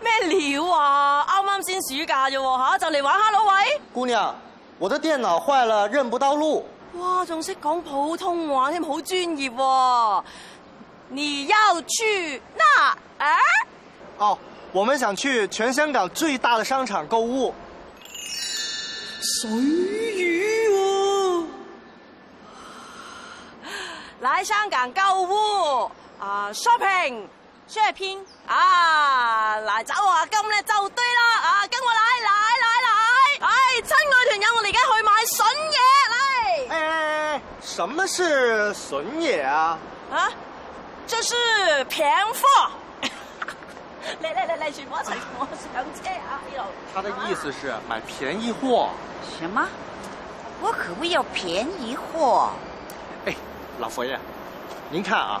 咩料啊？啱啱先暑假啫喎、吓，就嚟玩下咯，喂！姑娘，我的電腦壞了，認不到路。哇，仲識講普通話添，好專業喎、啊！你要去哪？誒、啊？哦，我們想去全香港最大的商場購物。水魚、啊？來香港購物啊，shopping！血拼啊，來找我阿金啊，咁你就對啦啊！跟我來來來來哎，親愛團友，我哋而家去買筍嘢。嚟！哎，什麼是筍嘢啊？啊，這是平貨。嚟嚟嚟嚟，全部上上車啊！哎呦，他的意思是買便宜貨。什麼？我可不要便宜貨。哎，老佛爺，您看啊。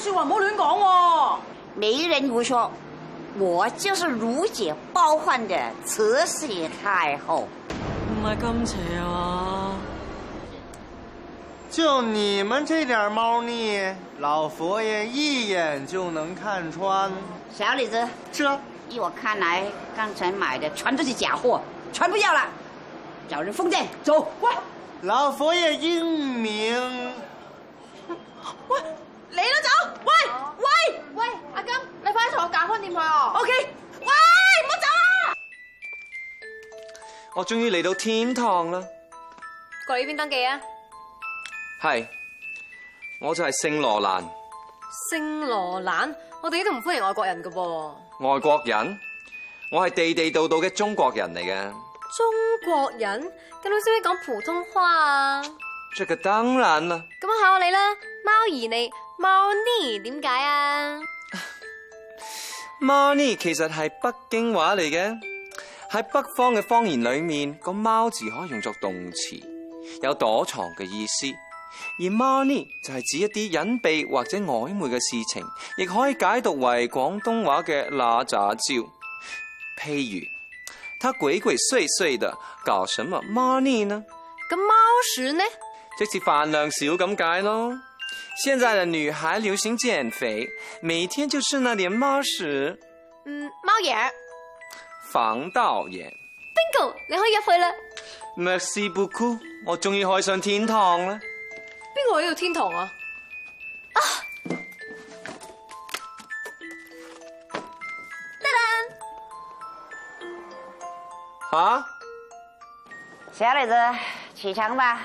說話唔好亂講喎！沒、啊、沒人胡說，我就是如假包換的慈禧太后。唔係咁邪話、啊，就你們這點貓膩，老佛爺一眼就能看穿。小李子，是啊了。依我看來，剛才買的全都是假貨，全不要了，找人封店，走，喂，老佛爺英明。你都走，喂喂喂，喂阿金，你快啲同我搞開電台哦。OK，喂，唔好走啊！我終於嚟到天堂啦！過嚟呢邊登記啊！係，我就係聖羅蘭。聖羅蘭，我哋都唔歡迎外國人噶噃。外國人？我係地地道道嘅中國人嚟嘅。中國人？咁你識唔識講普通話啊？這個當然啦，咁考你啦，貓膩。你貓膩點解啊？貓膩其實係北京話嚟嘅，喺北方嘅方言裏面，個貓字可以用作動詞，有躲藏嘅意思，而貓膩就係指一啲隱蔽或者曖昧嘅事情，亦可以解讀為廣東話嘅那咋招，譬如，他鬼鬼祟祟的搞什麼貓膩呢？咁貓屎呢？即是飯量少咁解咯。現在的女孩流行減肥，每天就吃那貓食那點貓屎。嗯，貓嘢。防盜嘢。Bingo，你可以入去啦。Merci beaucoup，我終於可上天堂啦。邊個有天堂啊？啊！得啦。啊？小李子，起床吧。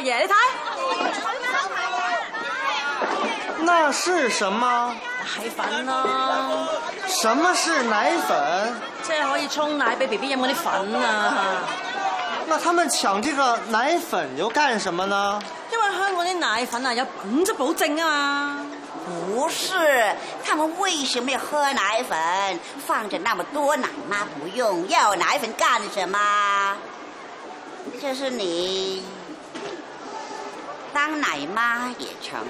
爺，你睇，那是什麼？奶粉呢、啊？什麼是奶粉？即係可以沖奶俾 B B 飲嗰啲粉啊。那他們搶這個奶粉又幹什麼呢？因為香港啲奶粉啊有品質保證啊。不是，他們為什麼要喝奶粉？放着那麼多奶媽不用，要奶粉幹什麼？就是你。當奶媽夜成。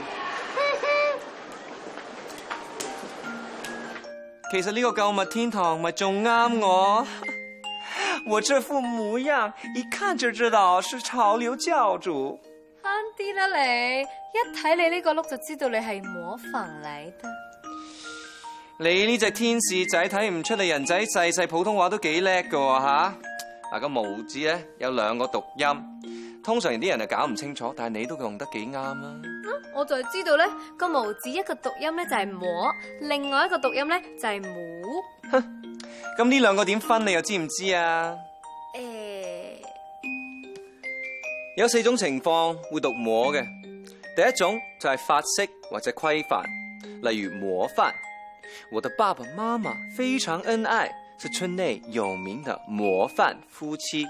其實呢個購物天堂咪仲啱我，我這副模樣一看就知道是潮流教主。慳啲啦，你一睇你呢個碌就知道你係模仿嚟得，你呢隻天使仔睇唔出你人仔細細，普通話都幾叻噶吓，嗱，個“無”字咧有兩個讀音。通常啲人係搞唔清楚，但係你都用得幾啱啊！我就知道咧，個模字一個讀音咧就係模，另外一個讀音咧就係冇。咁呢兩個點分你又知唔知啊？誒，有四種情況會讀模嘅，第一種就係法式或者規範，例如模範。我的爸爸媽媽非常恩愛，是村內有名的模範夫妻。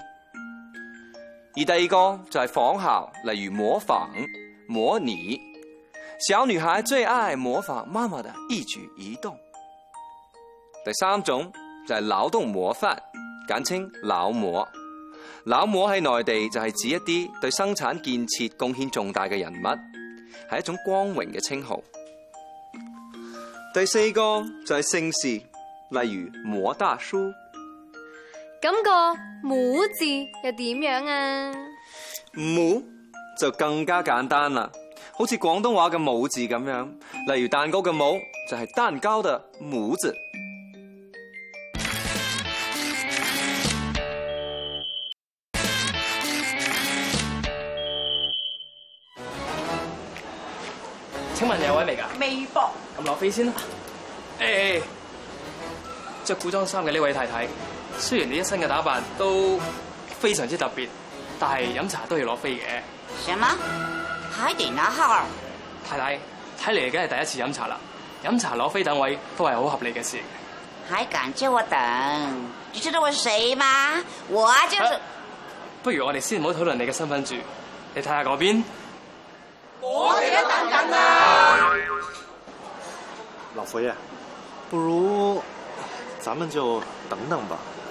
而第二個就係仿效，例如模仿、模擬。小女孩最愛模仿媽媽的一舉一動。第三種就係勞動模範，簡稱勞模。勞模喺內地就係指一啲對生產建設貢獻重大嘅人物，係一種光榮嘅稱號。第四個就係姓氏，例如摸大叔。咁個母字又點樣啊？母就更加簡單啦，好似廣東話嘅母字咁樣，例如蛋糕嘅母就係蛋糕嘅母字。請問有位嚟㗎？微博，咁落飛先啦。誒，着古裝衫嘅呢位太太。雖然你一身嘅打扮都非常之特別，但係飲茶都要攞飛嘅。什麼？喺電拿號。太太，睇嚟梗係第一次飲茶啦，飲茶攞飛等位都係好合理嘅事。仲敢叫我等，你知道我是誰嗎？我就是。啊、不如我哋先唔好討論你嘅身份住，你睇下嗰邊。我哋而家等、啊。等緊啦。老佛爺，不如，咱們就等等吧。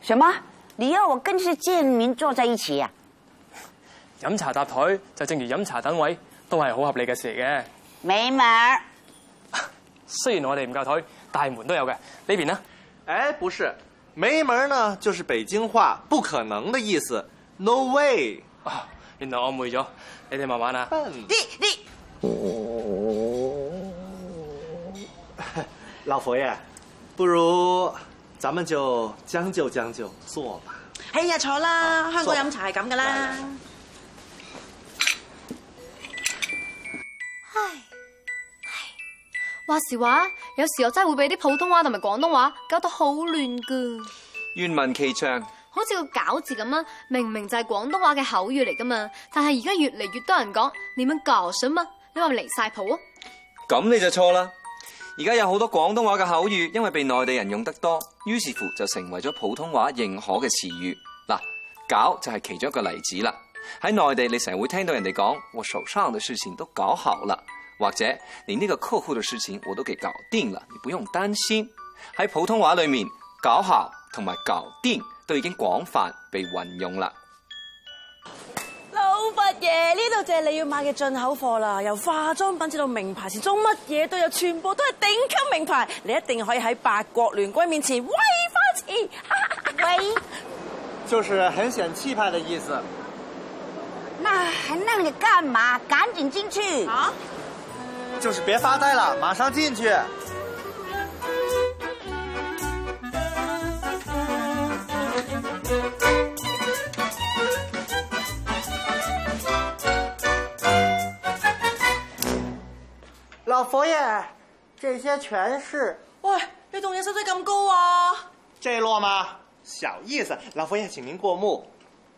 什麼？你要我跟這賤民坐在一起呀、啊？飲茶搭台就正如飲茶等位，都係好合理嘅事嘅。沒門、啊、雖然我哋唔夠台，大門都有嘅。呢邊呢？哎，不是，沒門呢，就是北京話不可能的意思。No way！啊，原來我誤會咗，你哋慢慢啊，嗯，你你……你老佛爺，不如……咱們就將就將就坐吧。哎呀、hey，坐啦好，香港飲吧茶係咁噶啦。唉，唉，話時話，有時候真係會俾啲普通話同埋廣東話搞到好亂噶。願聞其詳。好似個餃字咁啊，明明就係廣東話嘅口語嚟噶嘛，但係而家越嚟越多人講你樣搞什麼你話離晒譜啊。咁你就錯啦。而家有好多廣東話嘅口語，因為被內地人用得多，於是乎就成為咗普通話認可嘅詞語。嗱，搞就係其中一個例子啦。喺內地，你成日會聽到人哋講：我手上的事情都搞好了，或者連呢個客戶的事情我都給搞定了，你不用擔心。喺普通話裡面，搞好同埋搞定都已經廣泛被運用啦。佛爺，呢度就係你要買嘅進口貨啦，由化妝品至到名牌，始中乜嘢都有，全部都係頂級名牌，你一定可以喺八國聯軍面前威翻天，威！喂就是很顯氣派的意思。那還愣着幹嘛？趕緊進去！啊，就是別發呆了，馬上進去。老佛爺，這些全是喂，你仲有薪水咁高啊？這一摞嘛，小意思。老佛爺，請您過目。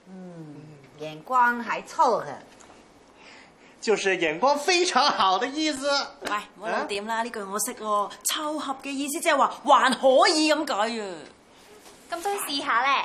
嗯，眼光還湊合，就是眼光非常好的意思。喂，我點啦？呢句我識咯？湊合嘅意思即係話還可以咁解啊？咁想試一下咧？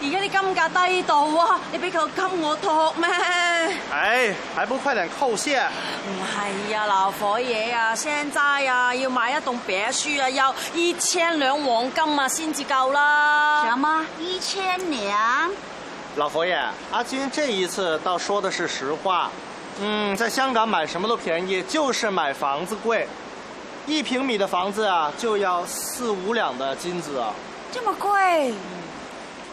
而家啲金價低到啊！你俾佢金我托咩？哎，還不快點叩謝？唔係啊，老佛爺啊，現在啊，要買一棟別墅啊，要一千兩黃金啊，先至夠啦。什麼嗎？一千兩？老佛爺，阿金這一次倒說的是實話。嗯，在香港買什麼都便宜，就是買房子貴。一平米的房子啊，就要四五兩的金子啊。這麼貴？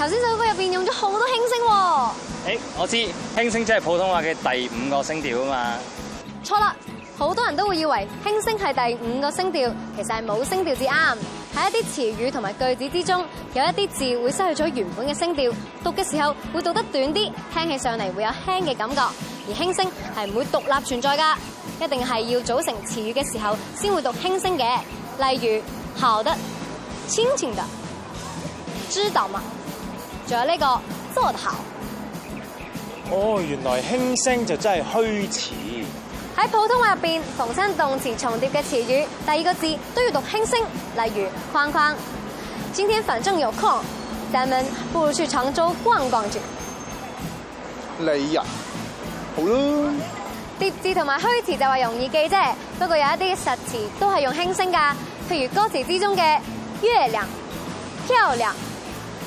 頭先首歌入邊用咗好多輕聲喎，誒，我知輕聲即係普通話嘅第五個聲調啊嘛。錯啦，好多人都會以為輕聲係第五個聲調，其實係冇聲調至啱。喺一啲詞語同埋句子之中，有一啲字會失去咗原本嘅聲調，讀嘅時候會讀得短啲，聽起上嚟，會有輕嘅感覺，而輕聲係唔會獨立存在噶，一定係要組成詞語嘅時候先會讀輕聲嘅，例如好的、親情的，知道嘛？仲有呢、這個坐頭哦，原來輕聲就真係虛詞。喺普通話入邊，逢生動詞重疊嘅詞語，第二個字都要讀輕聲，例如框框。今天反正有空，咱們不如去長洲逛逛住。你日好咯。疊字同埋虛詞就話容易記啫，不過有一啲實詞都係用輕聲噶，譬如歌詞之中嘅月亮、漂亮。